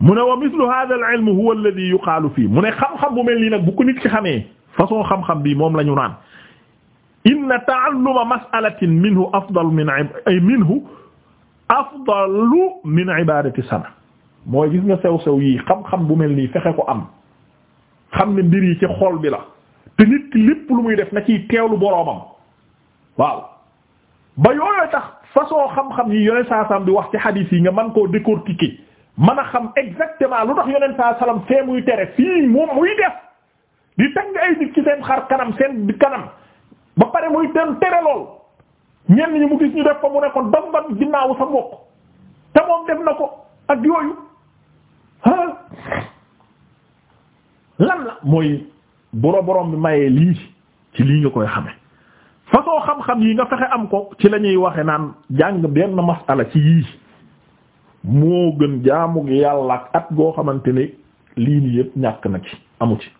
mu ne wa mislu hadha al ilm huwa alladhi yuqaalu mu ne xam-xam bu mel ni nag bu ko nit ki xamee façon xam-xam bii moom lañu ñu naan inna ta'alluma mas'alatin minhu afdal min ay minhu afdalu min ibadati sana mooy gis nga sew-sew yii xam bu mel nii fexe ko am xam ne mbir yi ci xool bi la te nit ki lu muy def na ciy teewlu boroomam waaw ba yooyoo tax façon xam-xam yi yone saasam bi wax ci hadith yi nga mën koo décortiquer mën a xam exactement lu tax yonent saa salaam fee muy tere fii moom muy def di tagg ay nit ci seen xar kanam seen kanam ba pare muy ten tere lool ñenn ñi mu gis ñu def ko mu ne ko dongan ginnaaw sa mbokk te moom def na ko ak yooyu ah lan la mooy boro borom bi mayee lii ci lii nga koy xame façon xam-xam yi nga fexe am ko ci la ñuy waxe naan jàng benn masala ci yii moo gën jaamu yàlla ak at goo xamante ne lii nii yëpp ñàkk na ci amu ci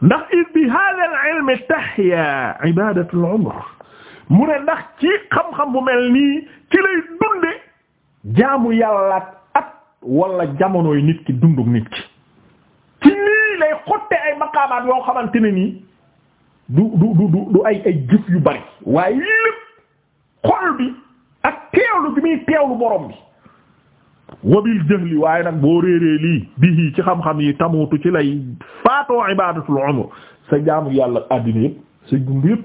ndax it bi hada al ilm tahya ibadatu ci xam-xam bu mel jaamu yàlla ak at wala jamonoy nit ki dunduk nit ki ci lii lay xotte ay maqaamaat yoo xamante ne nii du du du du ay ay jëf yu bari waaye lépp xol bi ak teewlu bi muy teewlu borom bi wabil jëhli waaye nag boo réeree lii bihi ci xam-xam yi tamutu ci lay faatoo ibadatul umr sa jaamu yàlla àddina yëpp sa dund yëpp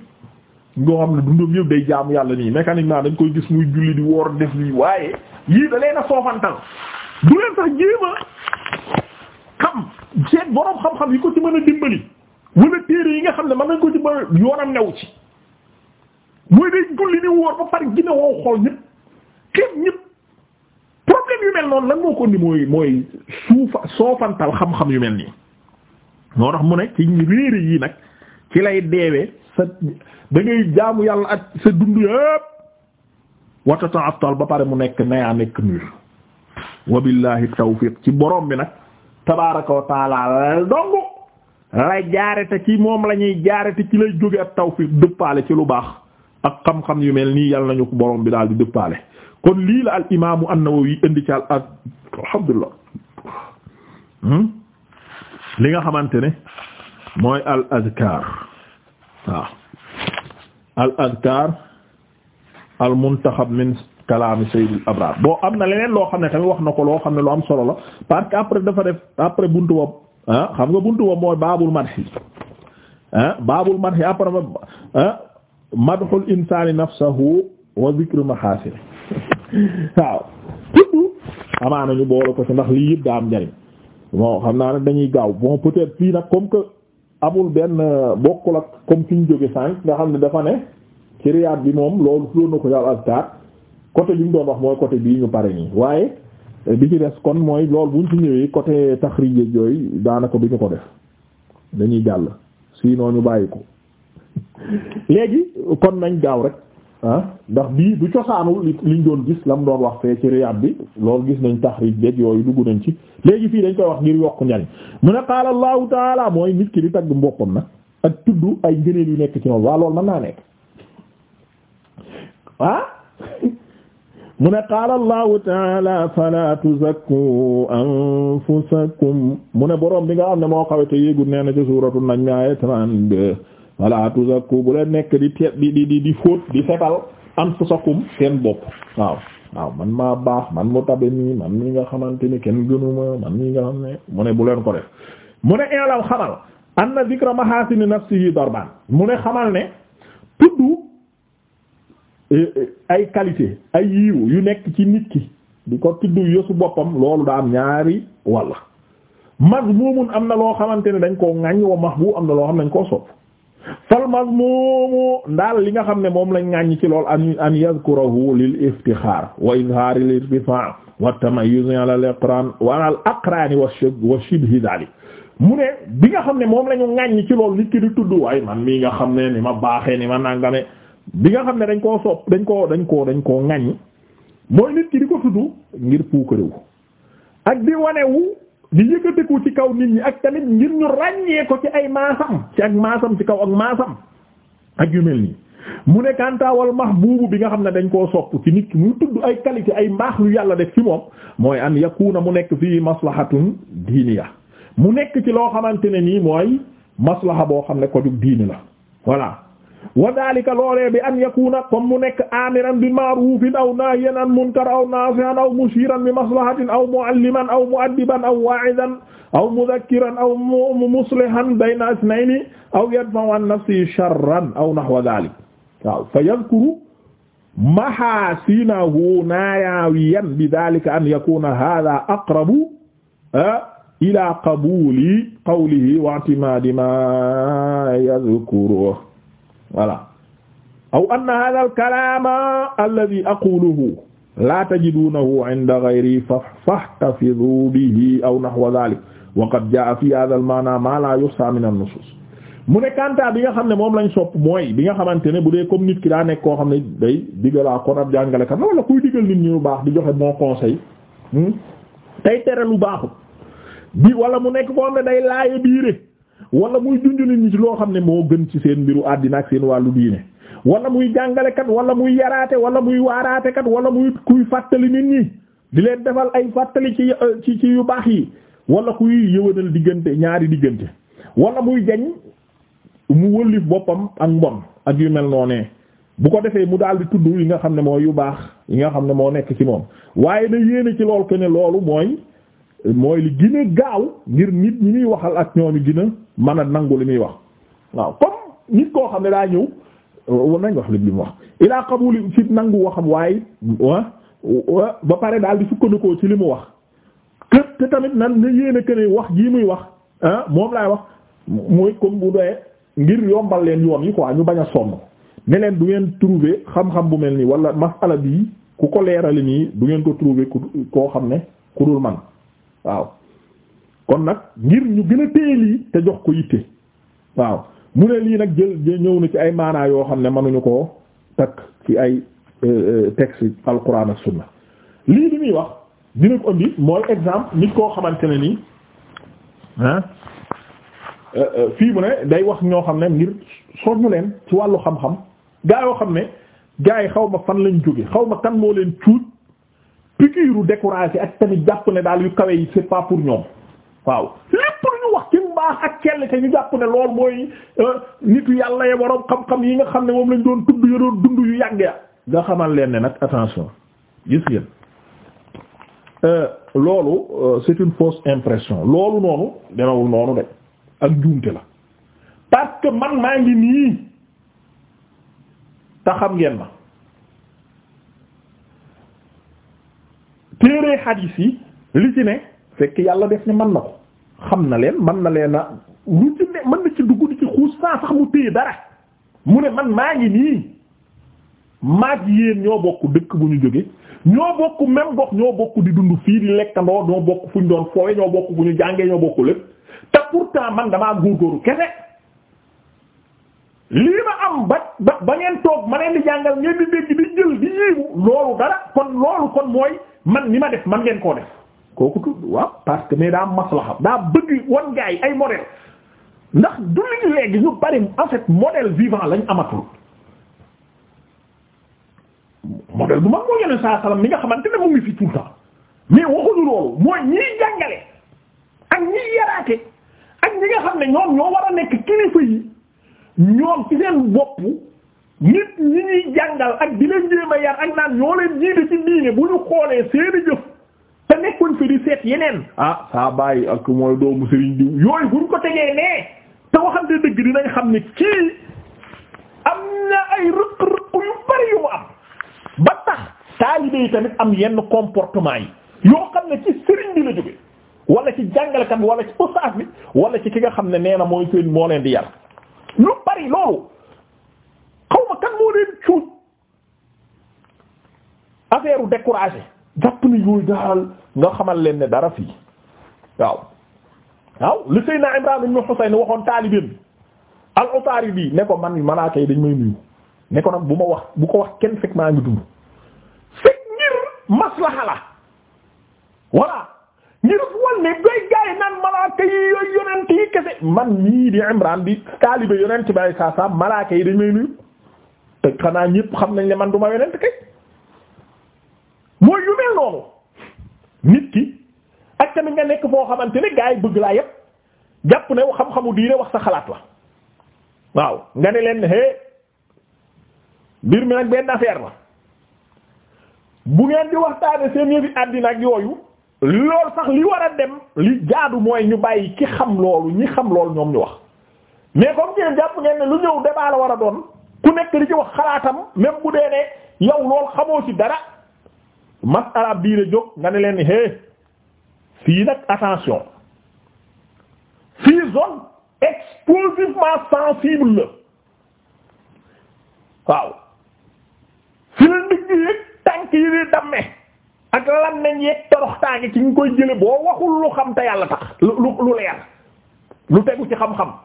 ngoo xam ne dundam yëpp day jaamu yàlla nii mécaniquement dañ koy gis muy julli di woor def lii waaye yii da leen a soofantal du leen sax jéema xam seet boroom xam-xam yi ko ci mën a dimbali wala téere yi nga xam ne ma nañ ko ci mën a yoonam new ci mooy day julli di woor ba pare gina wow xool ñëpp xeet ñëpp même yu mel noonu lan moo ko indi mooy mooy suufa soofantal xam-xam yu mel nii moo tax mu ne ci réere yi nag ci lay deewee sa da ngay jaamu yàlla ak sa dund yëpp watata attal ba pare mu nekk nayaa nekk nuur wabillahi tawfiq ci borom bi nag tabaraka wa taala dong la jaarete ci moom lañuy ñuy jaarete ci lay jóge ak tawfiq dëppaale ci lu baax ak xam-xam yu mel nii yàlla nañu ko borom bi daal di dëppaale kon lii la al imaamu an-Nawawi indi ci al alhamdulillah hmm? li nga xamante ne mooy al azkar waaw al azkar al muntaxab min kalaami sayyidil abrar bon am na leneen loo xam ne tamit wax na ko loo xam ne lu am solo la parce que après dafa def après buntu boobu ah, xam nga buntu boobu mooy baabul madhi ah, baabul madhi après ah, madhul insaani nafsahu wa zikru mahaasin waaw tudd amaana ñu boole ko ci ndax lii yëpp daa am njariñ bon xam naa ne dañuy gaaw bon peut-être fii nag comme que amul benn bokkul ak comme fi ñu jóge sànq nga xam ne dafa ne ci riyaat bi moom loolu tuloon na ko yàlla azkar côté bi ñu doon wax mooy côté bii ñu pare nii waaye bi ci des kon mooy loolu buñ ci ñëwee côté taxrij yooyu daanaka duñu ko def dañuy si sinon ñu bàyyi ko. léegi kon nañ gaaw rek ah ndax bii du cosaanul li liñ doon gis lam doon wax fee ci Riyad bi loolu gis nañ taxrij beeg yooyu dugg nañ ci léegi fii dañ koy wax ngir yokk njariñ mu ne qaala Allahu mooy nit ki di tagg mboppam na ak tudd ay ngëneel yu nekk ci moom waa loolu mën naa nekk ah mu ne qaala Allahu taala fala mu ne borom bi nga xam ne moo xawete yéegul nee na ci suuratu najm aaya 32 wala tuzakku bu leen nekk di teet di di di fóot di setal anfusakum seen bopp waaw waaw man maa baax man mu tabe nii man mii nga xamante ni kenn gënuma man mii nga xam ne mu ne bu leen mu ne i'lam xamal anna dhikra mahasini nafsihi mu ne xamal ne tudd e, e, ay qualité ay yiw yu nekk ci nit ki di ko tudd yosu boppam loolu daa am ñaari walla mazmumun am na loo xamante ne dañ koo ŋañ max mahbu am na loo xam ne dañ koo sopp fal mazmumu daal li nga xam ne moom lañ ŋàññi ci lool an an yazkurahu lil iftixaar wa izhaar al irtifaa wa tamayyuz ala al aqran wa ala al aqrani wa shibhi dhalik mu ne bi nga xam ne moom la ñu ŋàññi ci lool nit ki di tudd waaye man mii nga xam ne ni ma baaxee ni ma nangame bi nga xam ne dañ koo sopp dañ koo dañ koo dañ koo ŋàññi mooy nit ki di ko tudd ngir puukarewu ak di wanewu di yëkkatiku ci kaw nit ñi ak tamit ngir ñu ràññee ko ci ay maasam ci ak maasam ci kaw ak maasam ak yu mel nii mu ne max mahbuubu bi nga xam ne dañ koo sopp ci nit ki muy tudd ay qualité ay mbaax lu yàlla def ci moom mooy an yakuna mu nekk fii maslahatun diiniya mu nekk ci loo xamante ne nii mooy maslaha boo xam ne ko jug diini la voilà wa daalika loolee bi an yakuna comme mu nekk amiran bi ma'rufin aw nahyan an munkar aw nafi'an aw mushiran bi maslahatin aw mualliman aw mu'addiban aw wa'idan aw mudhakkiran aw muslihan bayna isnayni aw yadfa'u an nafsihi sharran aw nahwa dhalik waaw fa yadhkuru mahasinahu naayawiyan bi dhalika an yakuna hadha aqrabu ila qabuli qawlihi wa i'timadi ma yadhkuruhu voilà aw anna hadha al kalama alladhi aquluhu la tajidunahu inda ghayri fa fahtafizu bihi aw nahwa dhalik wa qad jaa fi hadha al maana ma la yuhsa min an nusus mu ne kanta bi nga xam ne moom lañ sopp mooy bi nga xamante ne bu dee comme nit ki daa nekk koo xam ne day diggalaa kon ab jàngalekat la wala kuy diggal nit ñi lu baax di joxe bon conseil hmm? tey tere lu baaxut bi wala mu nekk koo xam ne day laaye biire wala muy junjuli nit loo xam ne moo gën ci seen mbiru àddina ak seen wàllu diine wala muy jàngalekat wala muy yaraate wala muy waaraatekat wala muy kuy fàttali nit ñi di leen defal ay fàttali ci euh, ci yu baax yi wala kuy yëwanal diggante ñaari diggante wala muy jañ mu wëllif boppam ak mbon ak yu mel noonee bu ko defee mu daal di tudd yi nga xam ne mooy yu baax yi nga xam ne moo nekk ci moom waaye na yéene ci lool ke ne loolu mooy mooy li gën gaaw ngir nit ñi muy waxal ak ñooñu gën a mën a nangu li muy wax waaw comme nit koo xam ne daa ñëw nañ wax li mu wax ilaa qabuli fi nangu waxam waaye ah, ah, ba pare daal di sukkandikoo ci li mu wax kë te tamit na nga yéene que wax jii muy wax ah moom laay wax mooy comme bu doyee ngir yombal leen yoon yi quoi ñu bañ a sonn ne leen du ngeen trouver xam-xam bu mel nii wala masala bii ku ko leerali nii du ngeen ko trouver ku koo xam ne ku dul man waaw kon nag ngir ñu gën a téye lii te jox ko yitte waaw mu ne lii nag jël ñëw na ci ay maanaa yoo xam ne mënuñu koo takk ci ay euh, euh, texte alquran ak sunna lii bi muy wax dina ko indi mooy exemple nit koo xamante ne nii euh, fii mu ne day wax ñoo xam ne ngir soññu leen ci wàllu xam-xam gaa yoo xam ne gaa yi xaw ma fan lañ jóge xaw ma kan moo leen cuut piqûre découragé ak tamit jàpp ne daal yu kawe yi c'est pas pour ñoom waaw lépp lu ñu wax ci mbaax ak kell te ñu jàpp ne lool mooy euh, nit yàlla ya waroom xam-xam yi nga xam ne moom lañ doon tudd ya dund yu yàgg ya nga xamal leen ne nag attention gis ngeen euh, loolu euh, c'est une fausse impression loolu noonu demewul noonu de ak njuumte la parce que man maa ngi nii te xam ngeen ma téere xadiis yi li ci ne fekk yàlla def ni man na ko xam na leen man na leen a lu ci ne mën na ci dugg di ci xuus saa sax mu téye dara mu ne man maa ngi nii maag yéen ñoo bokk dëkk bu ñu jóge ñoo bokk même gox ñoo bokk di dund fii di lekkandoo ñoo bokk fu ñu doon foowe ñoo bokk fu ñu jàngee ñoo bokk lépp te pourtant man damaa góorgóoru kese lii ma am ba ba ba ngeen toog ma leen di jàngal ngeen di dégg di jël di yéemu loolu dara kon loolu kon mooy man ni ma def man ngeen koo def kooku tudd waaw parce que mais daa maslaxa daa bëgg wan gaa yi ay modèle ndax dulli léegi ñu bari en fait modèle vivant lañ amatul modèle bu mag moo yeneen saa salaam mi nga xamante ne mu ngi fi tout le temps mais waxuñu loolu mooy ñiy jàngale ak ñiy yaraate ak ñi nga xam ne ñoom ñoo war a nekk kilifa yi ñoom ci seen bopp nit ñi ñuy jàngal ak di leen jéem a yar ak naan ñoo leen jiite ci diine bu ñu xoolee seeni jëf te nekkoon fi di seet yeneen ah saa bàyyi ak mooy doomu Serigne diw yooyu buñ ko tegee nee te waxante dëgg dinañ xam ne kii am na ay rëq-rëq yu bari yu mu am ba tax taalibe yi tamit am yenn comportement yi yoo xam ne ci Serigne bi la jóge wala ci jàngalekat bi wala ci ustaas bi wala ci ki nga xam ne nee na mooy seen moo leen di yar lu bari loolu xaw ma kan moo leen cuuj affaire u jàpp ni yooyu daal nga xamal leen ne dara fii waaw waaw li Seydina Imran ibn Husayn waxoon taalibeen al-Utari bi nekko ko man malaaka yi dañ may nuyu ne nag bu ma wax bu ko wax kenn fekk maa ngi dund fekk ngir maslaha la voilà ngir wal ne doy gaay naan malaaka yi yooyu yonent yi kese man mii di Imran bi taalibe yonent bi ay saa saa malaaka yi dañ may nuyu te xanaa ñëpp xam nañ ne man du ma yonent kay mooy yu noonu nit ki ak tamit nga nekk foo xamante ne gaa yi bëgg laa yépp jàpp ne xam-xamu diine wax sa xalaat la waaw nga ne leen hé mbir mi nag benn affaire la bu ngeen di waxtaane seen yëfi àddina ak yooyu loolu sax li war a dem li jaadu mooy ñu bàyyi ki xam loolu ñi xam loolu ñoom ñu wax mais comme ngeen jàpp ngeen ne lu ñëw débat la war a doon ku nekk di ci wax xalaatam même bu dee ne yow lool xamoo ci dara masala biir a jóg nga ne leen hé fii nag attention fii zone explosivement sensible waaw fi la ndigg yëg tànk yi di damme ak lan nañ yëg toroxtaange ci nga koy jële boo waxul lu xam te yàlla tax lu lu leer lu tegu ci xam-xam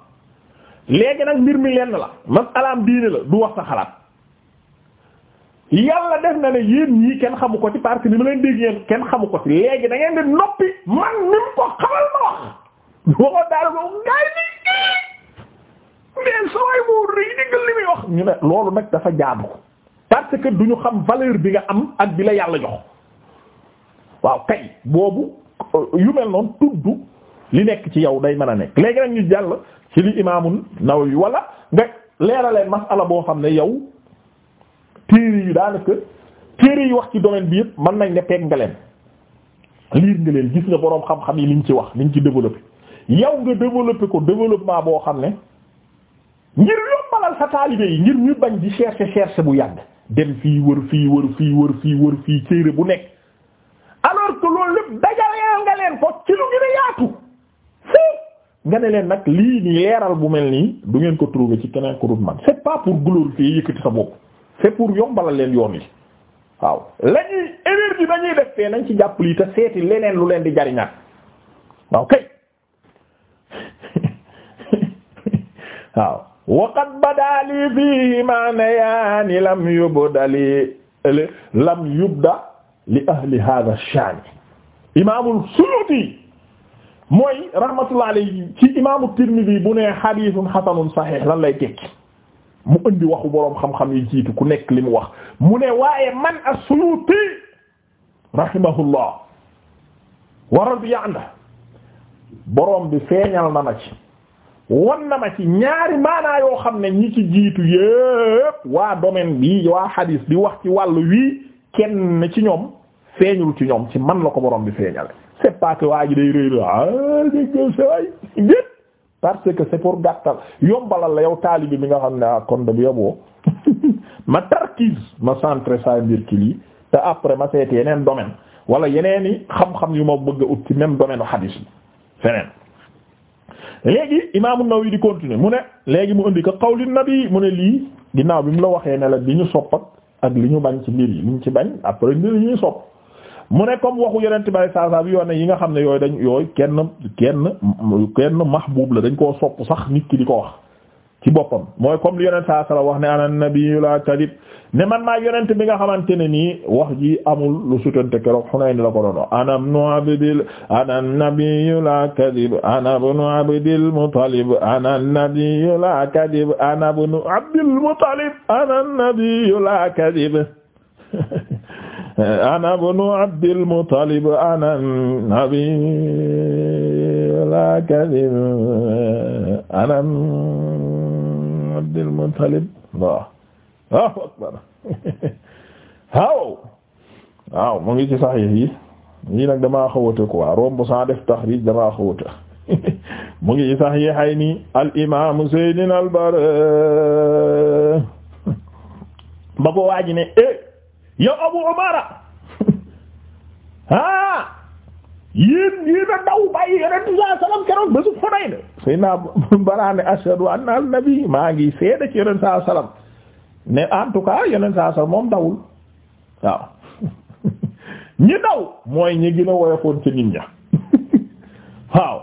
léegi nag mbir mi lenn la man alaam diine la du wax sa xalaat yàlla def na ne yéen ñii kenn xamu ko ci parce que ni ma leen dégg yéen kenn xamu ko ci léegi da ngeen di noppi man ni mu ko xamal ma wax waxoon daal moom ngaay ni mais sa ñu ne loolu nag dafa jaadu parce que duñu xam valeur bi nga am ak bila yàlla jox waaw kay boobu yu mel noonu tudd li nekk ci yow day man a nekk léegi nag ñu jàll ci li imaamu Nawawi wala nga leeraleen ala boo xam ne yow téere yi daanaka téere yi wax ci domaine bi yëpp mën nañ ne peeg nga leen liir nga leen gis nga boroom xam-xam yi liñ ci wax liñ ci développé yow nga développé ko développement boo xam ne ngir yombalal sa taalibe yi ngir ñu bañ di chercher chercher bu yàgg dem fii wër fii wër fii wër fii wër téere bu nekk alors que loolu lépp dajaleel nga leen nga ne leen nag lii nii leeral bu mel nii du ngeen ko trouver ci keneen ko dut man c'est pas pour glorifier yëkkati sa bopp c'est pour yombalal leen yoon yi waaw lañuy énergie dañuy def fee nañ ci jàpp lii te seeti leneen lu leen di jariñaat waaw kay waaw waqat badaali fiihi maanayaani lam yubda li lam yubda li ahli hadha ash imaamul Suyuti mooy rahmatullah alayhi ci imaamu Tirmidhi bu ne xadiisun xasanun saxiix lan lay tekki mu indi waxu boroom xam-xam yi jiitu ku nekk li mu wax mu ne waaye man as-Suyuuti rahimahullah wa radiya anhu boroom bi feeñal na ma ci won na ma ci ñaari maanaa yoo xam ne ñi ci jiitu yépp waa domaine bi waa xadiis bi wax ci wàllu wii kenn ci ñoom feeñul ci ñoom ci man la ko boroom bi feeñale c'est pas que waa ji day réer ah dégg sa waay déet parce que c'est pour gàttal yombalal la yow taalibi bi nga xam ne ah kon da bu yoboo ma tarkiis ma centré saa mbir ki lii te après ma seeti yeneen domaine wala yeneen i xam-xam yu ma bëgg a ut ci même domaine xadiis bi feneen léegi imaamu Nawawi di continuer mu ne léegi mu indi ko qawli nabi mu ne lii ginnaaw bi mu la waxee ne la li ñu sopp ak li ñu bañ ci mbir yi li ñu ci bañ après mbir yi ñuy sopp mu ne comme waxu yonent bi saa saa yoon yi nga xam ne yooyu dañ yooyu kenn kenn kenn mahbub la dañ koo sopp sax nit ki di ko wax ci boppam mooy comme li yonent saa wax ne ana nabiyyu la kadib ne man maa yonent bi nga xamante ne nii wax ji amul lu sutante keroog Hunayn la ko doon wax ana la kadib ana ibnu la kadib ana ibnu la kadib ana ibnu Abdil Muttalib ana nabi la kadib ana Abdil Muttalib waaw waaw akbar waaw mu ngi ci saxiix yi nag damaa xawata quoi romb saa def taxriij damaa mu ngi ci saxiixayni al imaam Seydina al ba ko waaji ne eh yow Abu Umaara ah yéen yéen a daw bàyyi yonent bi sallallahu alayhi wasallam keroog bésu Xunayn sayna Baraa ne ashhadu anna an-nabi maa ngi seede ci yonent sallallahu alayhi ne en tout cas yonent sallallahu moom dawul waaw ñi daw mooy ñi gën a woyofoon ci nit ña waaw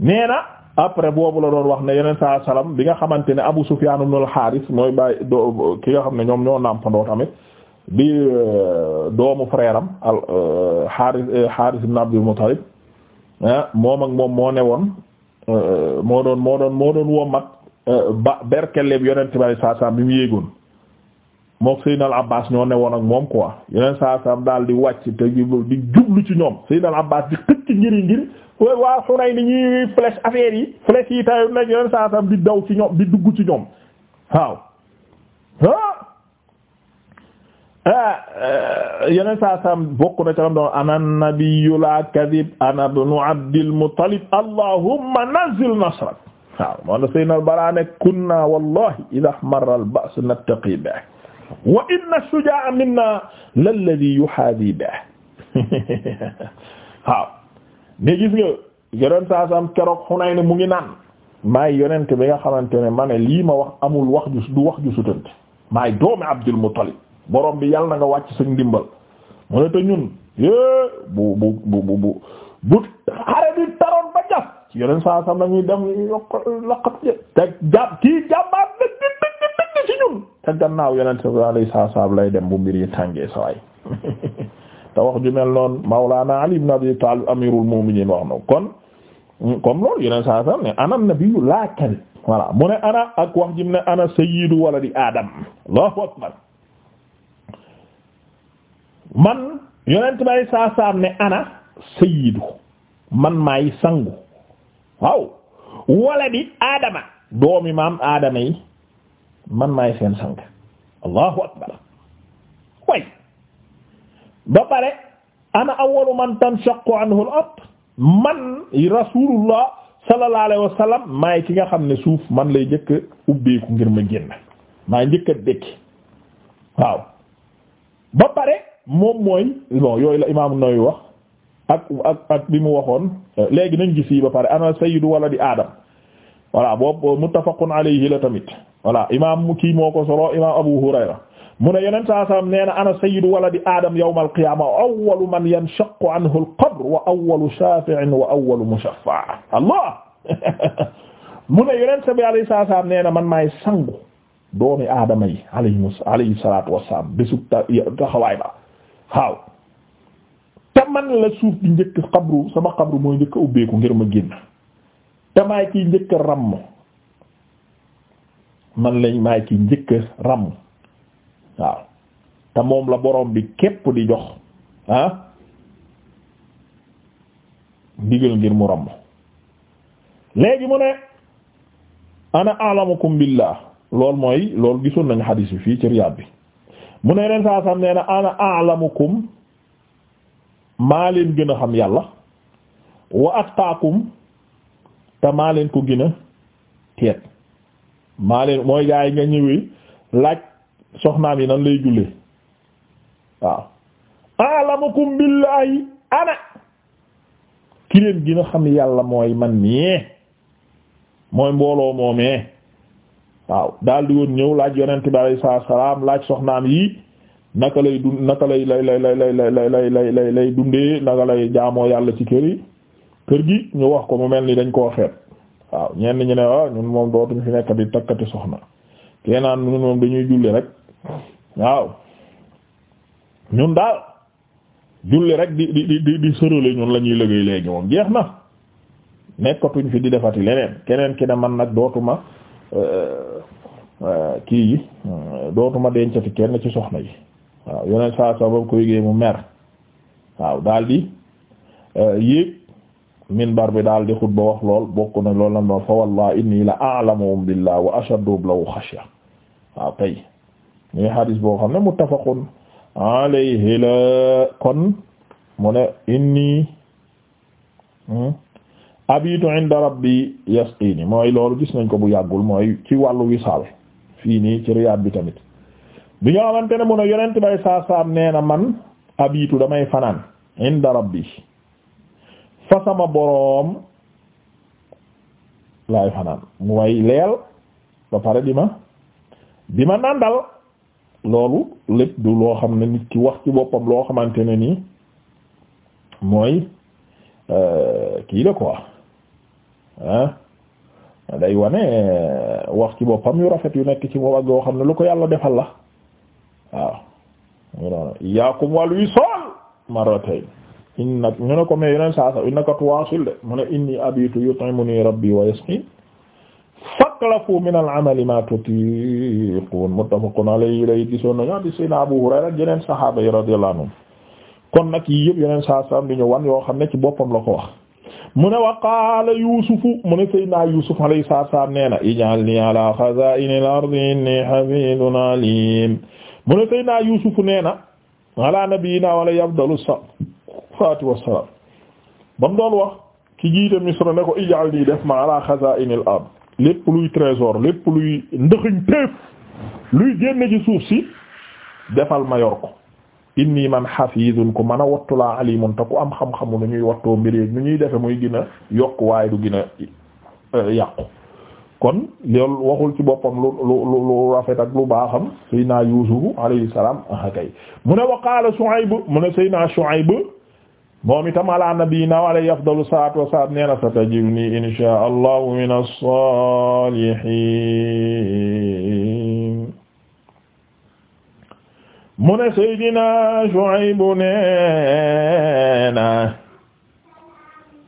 nee na après boobu la doon wax ne yeneen saa salaam bi nga xamante ne Abu Sufyan ibn al-Harith mooy bàyyi do ki nga xam ne ñoom ñoo nàmpandoo tamit bi euh, doomu frère am al Haaris euh, Haaris euh, ah, moom ak moom moo ne woon moo doon moo doon moo doon wommat ba berkeleb yonent bi saa saam bi mu yéegoon mook Seydina al Abbas ñoo ne woon ak moom quoi yeneen saa saam daal di wàcc te di jublu ci ñoom Seydina al Abbas di xëcc ngir ngir waa xunay ni ñuy flèche affaire yi flèche yi taw nag saa saam di daw ci ñoom bi dugg ci ñoom waaw Ah, eh, yeneen saa saam bokk na ca lam doon ana nabiyyu la kadib ana ibnu abdil muttalib allahumma nazzil nasrak waaw moo na sayyidina Baraa ne kunna wallahi idha ihmarra al-ba's nattaqi bihi wa inna ash-shujaa'a minna lalladhi yuhaadhi bihi waaw ne gis nga yeneen saa saam keroog Hunayn mu ngi naan maay yonent bi nga xamante ne ma ne lii ma wax amul wax ju du wax ju sutante maay doomi Abdul Muttalib borom bi yàlla na nga wàcc suñ ndimbal mu ne te ñun bu bu bu bu bu xare bi taroon ba jaf ci yeneen saa sam nañuy dem yokk lokkat te jàpp kii jàmbaar dëgg dëgg ci ñun te gannaaw yeneen saa lay dem bu mbir yi tàngee sawaay te wax ju mel noonu Mawlana Ali ibn Abi Talib amirul mu'minin wax na kon comme loolu yeneen saa sam ne ana nabiyyu laa kadhib voilà mu ne ana ak wax jim ne ana sayyidu waladi Adam Allahu akbar man yonent bay saa ne ana sayyidu man may sangu waaw waladi aadama doomi maam aadama yi man may seen sang allahu akbar way ba pare ana awwalu man tanshaqu anhu al-ard man rasulullah sallallahu alayhi wa ki nga xam ne suuf man lay njëkk ubbeeku ngir ma génn maay njëkk a waaw ba pare moom mooy bon yooyu la imaamu Nawawi wax ak ak ak bi mu waxoon léegi nañ gis yi ba pare ana sayyidu waladi Adam voilà boobu muttafaqun alayhi la tamit voilà imaam kii moo ko solo imaam Abu Hurayra mu ne yeneen saa saam nee na ana sayyidu waladi Adam yawmal qiyaama wa awwalu man yanshaqqu anhu al-qabr wa awwalu shaafi'in wa awwalu mushaffa' Allah mu ne yeneen sa bi alayhi saa saam nee na man maay sangu doomi aadama yi alayhi salaatu wassalaam bésu taxawaay ba. waaw te man la suuf bi njëkk xabru sama xabru mooy njëkk a ubbeeku ngir ma génn te maay kiy njëkk ràmm man lañ maay kiy njëkk a ràmm waaw te moom la borom bi képp di jox ah digal ngir mu ràmm léegi mu ne ana a'lamukum billah lool mooy lool gisoon nañu xadiis bi fii ci Riyaad bi mu ne leen saa sam nee na ana a'lamukum maa leen gën a xam yàlla wa attaakum te maa leen ko gën a teet maa leen mooy gaa yi nga ñëwee laaj soxnaam yi nan lay jullee waaw a'lamukum billahi ana ki leen gën a xam yàlla mooy man mii mooy mbooloo moomee waaw daal di woon ñëw laaj yonent bi alayhi salaam laaj soxnaam yii naka lay dund naka lay lay lay lay lay lay dundee naka lay jaamoo yàlla ci kër yi kër gi ñu wax ko mu mel ni dañ koo xeet waaw ñenn ñu ne waaw ah, ñun moom nekk di takkati soxna keenaan ñun moom dañuy julli rek waaw ñun daal julli rek di di di di sërale ñun la ñuy liggéey léegi moom jeex na nekkatuñ fi di defati leneen keneen ki ne man nag dootuma Euh, euh, euh, kii yi dootuma dencati kenn ci soxna yi waaw yeneen saa saa ko yëgee mu mer waaw daldi yéeg minbar bi daldi xutba wax lool bokk na lool la noonu fa wallahi inni la a'lamuhum billah wa ashaddu lahu xashya waaw tay ñuy xadis boo xam ne muttafaqun alayhi la kon mu ne inni hmm? abitu inda rabbi mooy loolu gis nañ ko bu yàggul mooy ci wàllu wisaal fii nii ci Riyad bi tamit bi ñoo xamante ne mun a yonent bay saasaam nee na man abitu damay fanaan inda rabbi fa sama boroom laay fanaan mu leel ba pare di ma bi ma nàndal loolu lépp du loo xam ne nit ki wax ci boppam loo xamante ne nii mooy euh, kii ko quoi ah day wane eh, wax ci boppam yu rafet yu nekk ci moom ak yoo xam ne lu ko yàlla defal la waaw ñu noonu iyaakum wal wisaal marratayn in nag ñu ne ko mais yeneen saa sax innaka tuwaasil de mu ne inni abitu yut'imuni rabbi wa yasqi faklafu min al amali ma tutiqun muttafaqun alayhi lay gisoon nañu hadith sayna Abu Hurayra yeneen saxaaba yi radiyallahu anhum kon nag yii yëpp yeneen saa sax di ñu wan yoo xam ne ci boppam la ko wax mu ne wa qaala yuusufu mu ne sayyidina yuusuf alayhi salaam nee na ij'alni ala xazaa'inil ardi inni hafiizun aliim mu ne sayyidina yuusufu nee na ala nabiyyinaa wa alayhi afdalu salaatu wassalaam ba Misra ne ko ij'alni def ma ala xazaa'inil ard lépp luy trésor lépp luy ndëxëñ teef luy génn ci suuf si defal ma inni man xafiidun ku mën a wattu laa alimun am xam-xamu nu ñuy wattoo mbir yi nu ñuy defe muy gën yokk waay du gina a euh, kon loolu waxul ci boppam lu lu lu rafet baaxam Seydina Yuusufu alayhi salaam kay mu ne wa qaala Shuayb mu ne Seydina Shuayb moom itam ala nabiyyinaa wa alayhi afdalu salaatu wa salaam nee na satajidunii inshaa Allahu mina mu ne Seydina Shuaybu nee na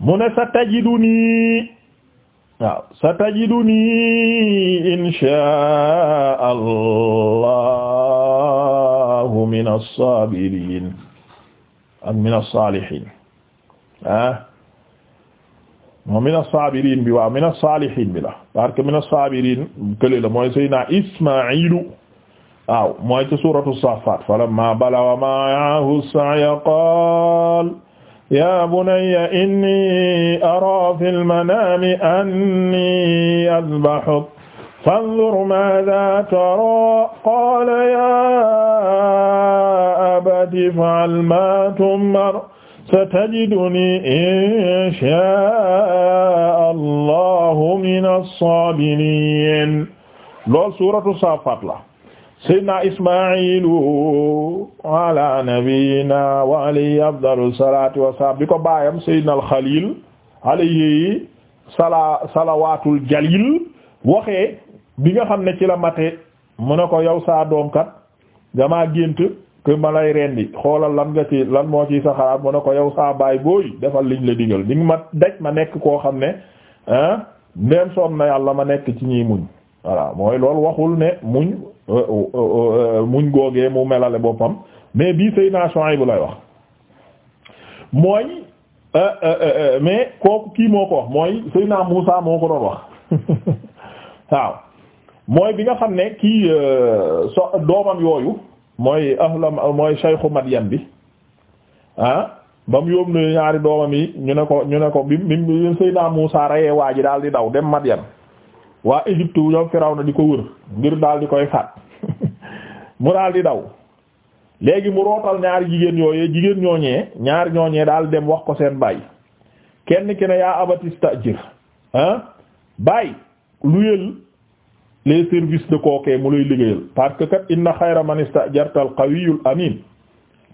mu ne sa tajidu nii waaw sa tajidu nii inshaa allahu min as-saabiriin ak min as-saalihiin ah moom min as-saabiriin bi waaw min as-saalihiin bi la parce que min as-saabiriin kële la mooy Seydina Ismaayilu waaw mooy ci suuratu Saffaat falammaa balagha ma'ahu as-sa'ya qaala yaa bunayya innii araa fil manaami annii azbahuka fanzur maazaa taraa qaala yaa abati if'al maa tu'mar satajidunii in shaa'a Allahu mina as-saabiriin loolu suuratu Saffaat la sayyidina ismailu ala nabiyina wa alayhi afdalu salaati wasalam bi ko baayam sayyidina alxalil alayhi sala salawaatul jalil waxee bi nga xam ne ci la mate mu ne ko yow saa doomkat damaa gént que ma lay rendi xoolal lan nga ci lan moo ciy saxaraat mu ne ko yow saa baay booy defal liñ la digal ñu ngi ma daj ma nekk koo xam ne ah ndeem soom na yàlla ma nekk ci ñiy muñ voilà mooy loolu waxul ne muñ euh, euh, euh, muñ googee mu melale boppam mais bii Seydina Shuayb bu lay wax mooy mais kooku kii moo ko wax mooy Seydina Muusa moo ko doon wax waaw mooy bi nga xam ne kii so doomam yooyu mooy ahlam mooy Shaykhu Madyan bi ah ba mu yóbbu ñaari doomam yi ñu ne ko ñu ne ko bi bi Seydina Muusa rayee waa ji daal di daw dem Madyan waa Égypte wu ñoom Firawna di ko wër ngir daal di koy faat mu daal di daw léegi mu rootal ñaari jigéen yooyee jigéen ñooñee ñaari ñooñee daal dem wax ko seen baay kenn ki ne yaa abatista jir hein baay luyel les services de kookee mu lay liggéeyal parce que kat inna xayra man istajarta al qawiyul amin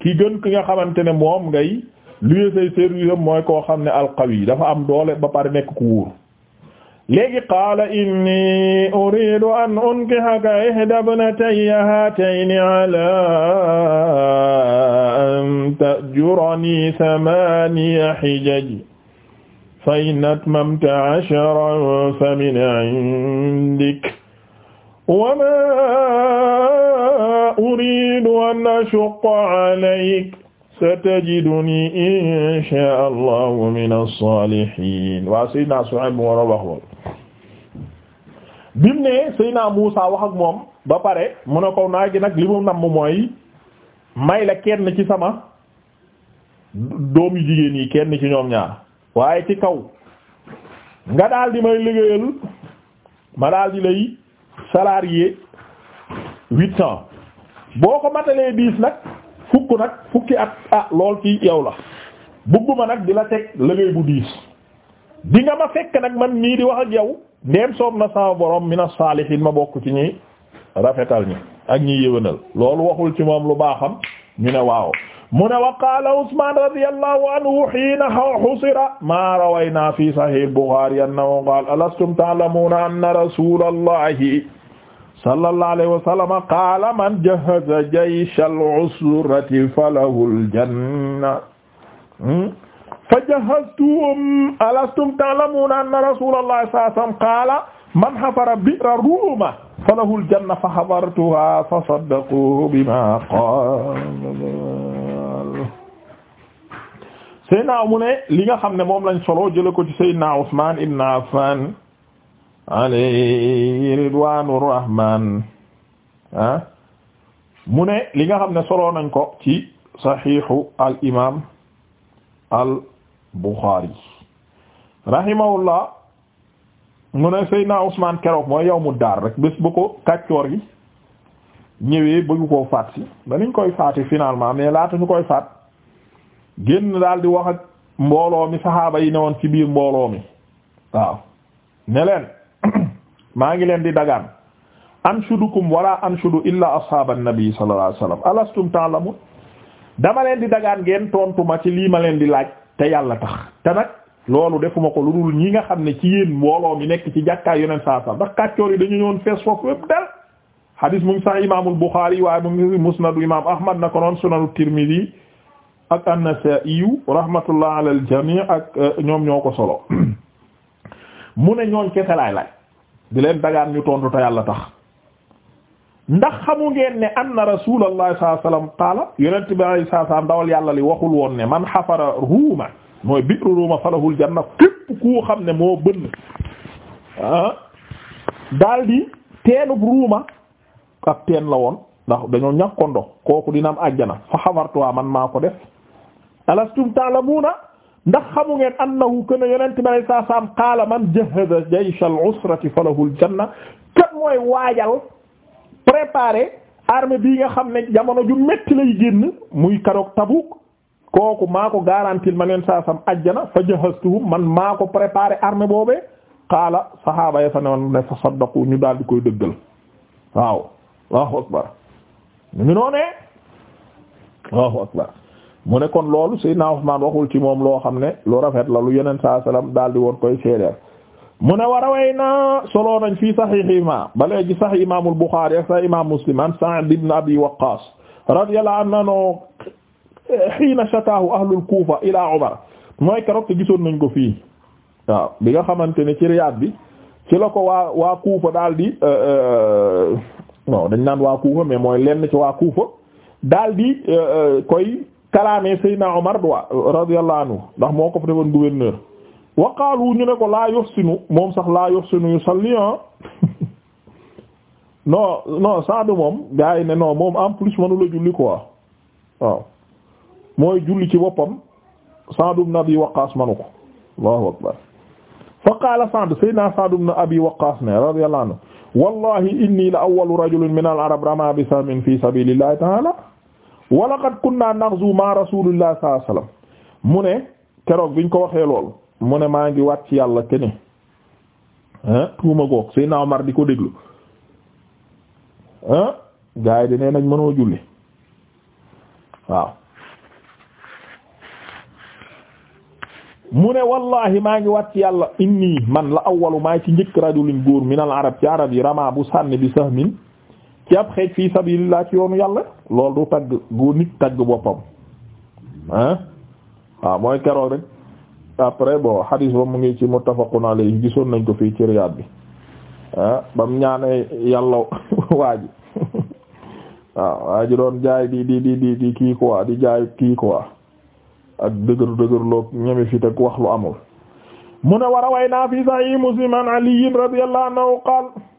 ki gën ki nga xamante ne moom ngay luyee say service mooy koo xam ne al qawi dafa am doole ba pare nekk ku wóor léegi qaala inni uridu an unkihaka ihda ibnatayya haatayni ala an ta'jurani thamaaniya hijaj fa in atmamta ashran fa min indik wa maa uridu an ashqa alayk satajiduni inshaa Allah mina as-saalihiin waa Sayyidinaa Shuayb mu war a wax bi mu ne Seyna Muusa wax ak moom ba pare mu ne ko naa gi nag li mu namm mooy may la kenn ci sama doom yu jigéen yi kenn ci ñoom ñaar waaye ci kaw nga daal di may liggéeyal ma daal di lay salarié huit ans boo ko matalee diis nag fukk nag fukki at ah lool ci yow la bugguma nag di la teg liggéey bu diis di ma fekk nag man nii di wax ak yow ndeem soob na sama borom mina saalihiin ma bokk ci ñi rafetal ñi ak ñi yéwénal loolu waxul ci moom lu baaxam ñu ne waaw mu ne wa qaala Usmaan radiyallahu anhu hiina husira maa rawaynaa fii sahiih Buxaari annahu qaala alastum ta'lamuuna anna rasuulallahi sallallahu alayhi wa sallam qaala man jahaza jaysha al-usrati falahu al-janna hmm? fa jahhaztuhum alastum ta'lamuna anna rasulallahi sallallahu alayhi wasallam qaala man hafara bi'ra ruuma falahu aljanna fa hafartuha fa saddaquhu bima qaala Seydina mu ne li nga xam ne moom lañ solo jële ko ci Seydina Usmaan ibn Affaan alayhi ridwaanu rahmaan ah mu ne li nga xam ne solo nañ ko ci saxiixu al imaam al Bukhari rahimahullah mu ne Seydina Ousmane keroog mooy mu daar rek bés bu ko kàccoor gi ñëwee bëgg koo faat si danañ koy faati finalement mais laata ñu koy faat génn daal di wax ak mbooloo mi saxaaba yi newoon ci biir mbooloo mi waaw ne leen maa ngi leen di dagaan anshudukum wala anshudu illa ashaaban nabi sallallahu alayhi wasallam alastum ta'lamun dama leen di dagaan ngeen tontu ma ci lii ma leen di laaj te yàlla tax te nag loolu defuma ko lu dul ñi nga xam ne ci yéen mbooloo mi nekk ci jàkkaay yoneen saa saa ndax kàccoor yi dañu ñëwoon fees foofu yëpp del xadis mu ngi sax imaamul Buxaari waaye mu ngi musnadu imaam Ahmad na ko noon sunanu Tirmidi ak an-Nasaa'i rahmatullah ala al-jamii ak eh, ñoom ñoo ko solo mu ne ñooñ kese laay di leen dagaan ñu tontu te yàlla tax ndax xamu ngeen ne anna rasulullah sallallahu alayhi wasallam qaala yonent salaam dawal yàlla li waxul woon ne man xafara ruuma mooy bi'ru ruuma falahul janna képp koo xam ne moo bënn ah, daldi teenub ruuma ak teen la woon ndax dañoo ñàkkoon ndox kooku dina am àjjana fa xafartuwaa man maa ko def alastum ta'lamuna ndax xamu ngeen annahu kana yonent bi alayhi salaam qaala man jahhaza jaysha al-usrati falahul janna kan mooy waajal préparer armée bii nga xam ne jamono ju metti lay génn muy karoog Tabuk kooku maa ko garantil ma neen saa sam ajjana fa jahastuhum man maa ko préparer armée boobee xaala saxaaba ya fa ne woon ne fa saddaqu ñu daal di koy dëggal waaw Allahu akbar ñu ngi noonee Allahu akbar mu ne kon loolu Seydina Usmaan waxul ci moom loo xam ne lu rafet la lu yeneen saa salaam daal di woon koy seedeer mu ne war a wey na solo nañ fii saxiixima maa léegi sax imaamul Buxaari ak sax imaam Muslim an Sa'd ibn Abi Waqqaas radiyallahu anhu hiina shataahu ahlul Kuufa ilaa Umar mooy keroog gison nañ ko fii waaw bi nga xamante ne ci Riyaad bi ci lako waa waa Kuufa daal di euh, euh, non dañ naan waa Kuufa mooy lenn ci waa daal di euh, koy kalaamee Seydina Umar radiyallahu anhu ndax moo ko fa defoon gouverneur. waqaalu ñu ne ko laa yuhsinu moom sax laa yuhsinu yusalli ah. moom gars yi ne non moom en plus mënu la julli quoi waaw mooy julli ci boppam Saad ibn Abi Waqqas mënu ko Allahu akbar fa qaala Saad sayyidina Saad ibn Abi Waqqas ne radiyallahu anhu wallahi inni la awwalu rajulin min al-arab rama bi sahmin fi sabilillahi ta'ala wa laqad kunna naghzu ma rasulillahi sallallahu alayhi mu ne keroog biñ ko waxee lool mu ne maa ngi waat ci yàlla kene tuuma goog Seydina Omar di ko déglu gaa di ne nañ mënoo julli waaw mu ne wallahi maa ngi waat ci yàlla inni man la awwalu maa ci njëkk rajulin góor min al arab ci arab yi rama bu sànni bi sahmin ci ab xeej fii sabilillah ci yoonu yàlla loolu du tagg gu nit tagg boppam ah waaw mooy keroog rek après bon hadis ba mu ngi ci muttafaqun alayhi gisoon nañ ko fii ci Riyad bi ah bam ñaanee yàlla waaji waaw ah, waaji doon jaay di di di di di di jaay kii quoi ak dëgër dëgër loog ñeme fi teg wax lu amul mu ne war way naa fi sahih Muslim an Ali qaal